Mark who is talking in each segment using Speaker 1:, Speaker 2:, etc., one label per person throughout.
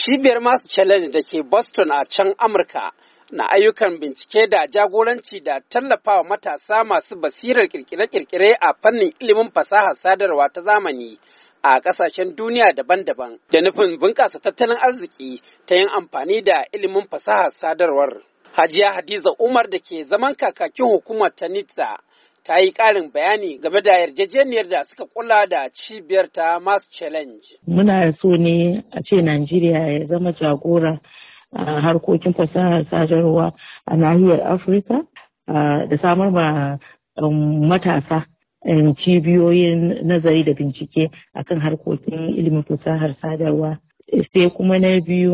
Speaker 1: Cibiyar masu challenge da ke Boston a can Amurka na ayyukan bincike da jagoranci da tallafawa matasa masu basirar kirkire-kirkire a fannin ilimin fasahar sadarwa ta zamani a kasashen duniya daban-daban da nufin bunƙasa tattalin arziki ta yin amfani da ilimin fasahar sadarwar. Hajiya Hadiza Umar da ke zaman kakakin hukumar ta NITSA ta yi ƙarin bayani game da yarjejeniyar da suka kula da cibiyar ta mass challenge.
Speaker 2: Muna so ne a ce Najeriya ya zama jagora a harkokin fasahar sadarwa a nahiyar Afirka da samar ma um, matasa um, cibiyoyin nazari da bincike akan harkokin ilimin fasahar sadarwa sai kuma na biyu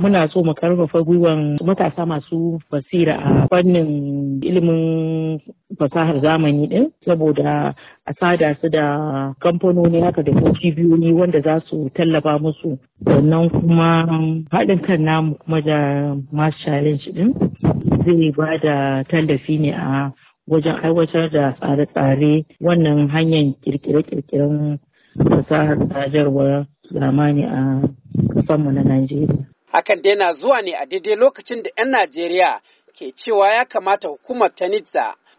Speaker 2: muna so mu karfafa gwiwan matasa masu basira a fannin ilimin fasahar zamani din saboda a sada su da kamfanoni haka da cibiyoyi wanda za su tallafa musu sannan kuma haɗin kan namu kuma da mass challenge din zai ba da tallafi ne a wajen aiwatar da tsare-tsare wannan hanyar kirkire-kirkiren fasahar sadarwar zamani a kasanmu na Najeriya.
Speaker 1: Hakan dai na zuwa ne a daidai lokacin da 'yan Najeriya ke cewa ya kamata hukumar ta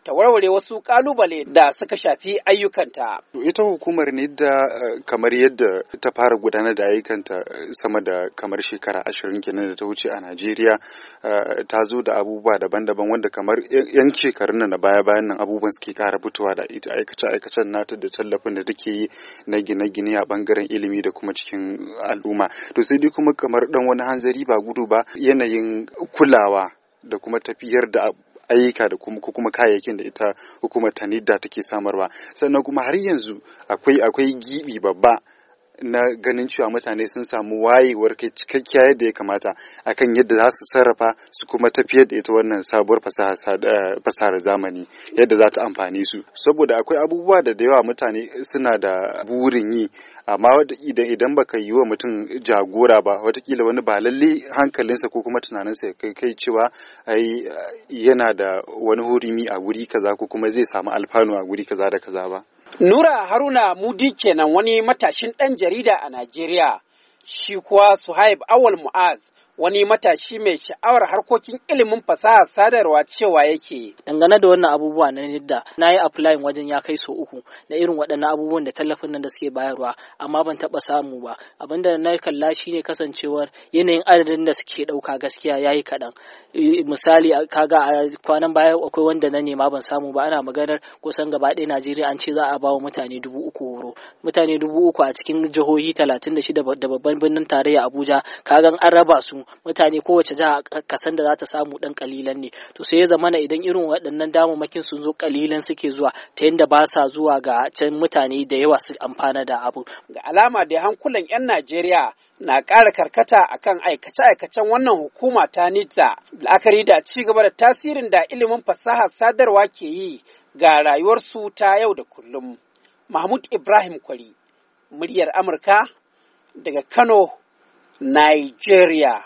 Speaker 1: ta warware wasu kalubale da suka shafi ayyukanta.
Speaker 3: Ita hukumar ne da eh, kamar yadda ta fara gudanar da ayyukanta eh, sama da kamar shekara ashirin kenan da ta wuce a Najeriya eh, ta zo da abubuwa daban-daban wanda kamar yan shekarun na baya-bayan nan abubuwan suke kara fitowa da ita aikace-aikacen nata da tallafin da take yi na gine-gine a bangaren ilimi da kuma cikin al'umma. To sai dai kuma kamar dan wani hanzari ba gudu ba yanayin kulawa da kuma tafiyar da ayyuka da kuma kuma kayayyakin da ita hukumar ta take samarwa sannan kuma har yanzu akwai akwai gibi babba na ganin cewa mutane sun samu wayewar kai cikakkiya yadda ya kamata akan yadda za su sarrafa su kuma tafiyar da ita wannan sabuwar eh, fasahar zamani yadda za ta amfani su saboda akwai abubuwa da da yawa mutane suna da burin yi amma idan idan baka yi wa mutum jagora ba watakila wani ba lalle hankalinsa ko kuma tunaninsa ya kai cewa ai eh, yana da wani hurumi a wuri kaza ko kuma zai samu alfanu a wuri kaza da kaza ba
Speaker 1: Nura Haruna Mudi kenan wani matashin ɗan jarida a Najeriya, shi kuwa Suhaib Awal Mu'az wani matashi mai sha'awar harkokin ilimin fasaha sadarwa cewa yake. Dangane da wannan abubuwa na nidda na yi applying wajen ya kai so uku na irin waɗannan
Speaker 4: abubuwan da tallafin nan da suke bayarwa amma ban taɓa samu ba abinda na yi kalla shine kasancewar yanayin adadin da suke ɗauka gaskiya yayi kaɗan eh, misali kaga a kwanan baya akwai wanda na nema ban samu ba ana maganar kusan gaba ɗaya Najeriya an ce za a bawa mutane dubu uku horo mutane dubu uku a cikin jihohi talatin da shida da babban birnin tarayya Abuja kagan an raba su mutane kowace jiha kasan da za ta samu dan kalilan ne to sai ya zamana idan irin waɗannan damamakin sun zo kalilan suke zuwa ta yadda ba sa zuwa ga can mutane
Speaker 1: da yawa su amfana da abu ga alama da hankulan 'yan Najeriya na ƙara karkata akan aikace-aikacen wannan hukuma ta nita la'akari da ci gaba da tasirin da ilimin fasaha sadarwa ke yi ga rayuwarsu ta yau da kullum. Mahmud Ibrahim Kwari, muryar Amurka daga Kano, Nigeria.